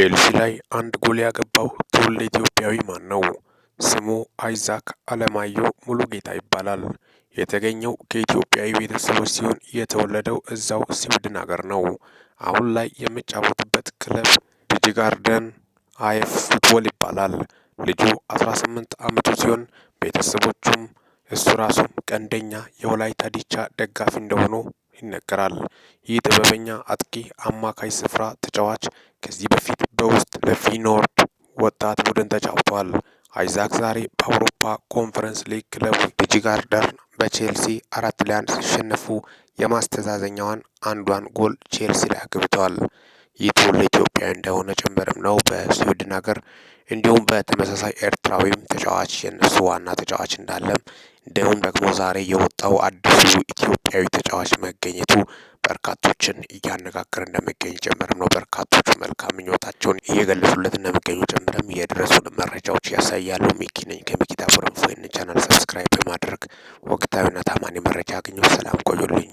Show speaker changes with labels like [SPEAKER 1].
[SPEAKER 1] ቼልሲ ላይ አንድ ጎል ያገባው ትውልድ ኢትዮጵያዊ ማን ነው? ስሙ አይዛክ አለማየሁ ሙሉጌታ ይባላል። የተገኘው ከኢትዮጵያዊ ቤተሰቦች ሲሆን የተወለደው እዛው ስዊድን ሀገር ነው። አሁን ላይ የሚጫወትበት ክለብ ዲጂጋርደን አየፍ ፉትቦል ይባላል። ልጁ 18 ዓመቱ ሲሆን ቤተሰቦቹም እሱ ራሱም ቀንደኛ የወላይታ ዲቻ ደጋፊ እንደሆኑ ይነገራል። ይህ ጥበበኛ አጥቂ፣ አማካይ፣ ስፍራ ተጫዋች ከዚህ በፊት በውስጥ ለፊኖርድ ወጣት ቡድን ተጫውቷል። አይዛክ ዛሬ በአውሮፓ ኮንፈረንስ ሊግ ክለቡ ዲጂጋርደር በቼልሲ አራት ለአንድ ሲሸነፉ የማስተዛዘኛዋን አንዷን ጎል ቼልሲ ላይ አግብተዋል። ይህ ትውልደ ኢትዮጵያዊ እንደሆነ ጭምርም ነው። በስዊድን ሀገር እንዲሁም በተመሳሳይ ኤርትራዊም ተጫዋች የነሱ ዋና ተጫዋች እንዳለም እንዲሁም ደግሞ ዛሬ የወጣው አዲሱ ኢትዮጵያዊ ተጫዋች መገኘቱ በርካቶችን እያነጋገረ እንደሚገኝ ጭምርም ነው። በርካቶች መልካም ምኞታቸውን እየገለጹለት እንደሚገኙ ጭምርም የደረሱን መረጃዎች ያሳያሉ። ሚኪ ነኝ ከሚኪታ ፎረም ፎይን ቻናል ሰብስክራይብ በማድረግ ወቅታዊና ታማኒ መረጃ አግኘው። ሰላም ቆዩልኝ።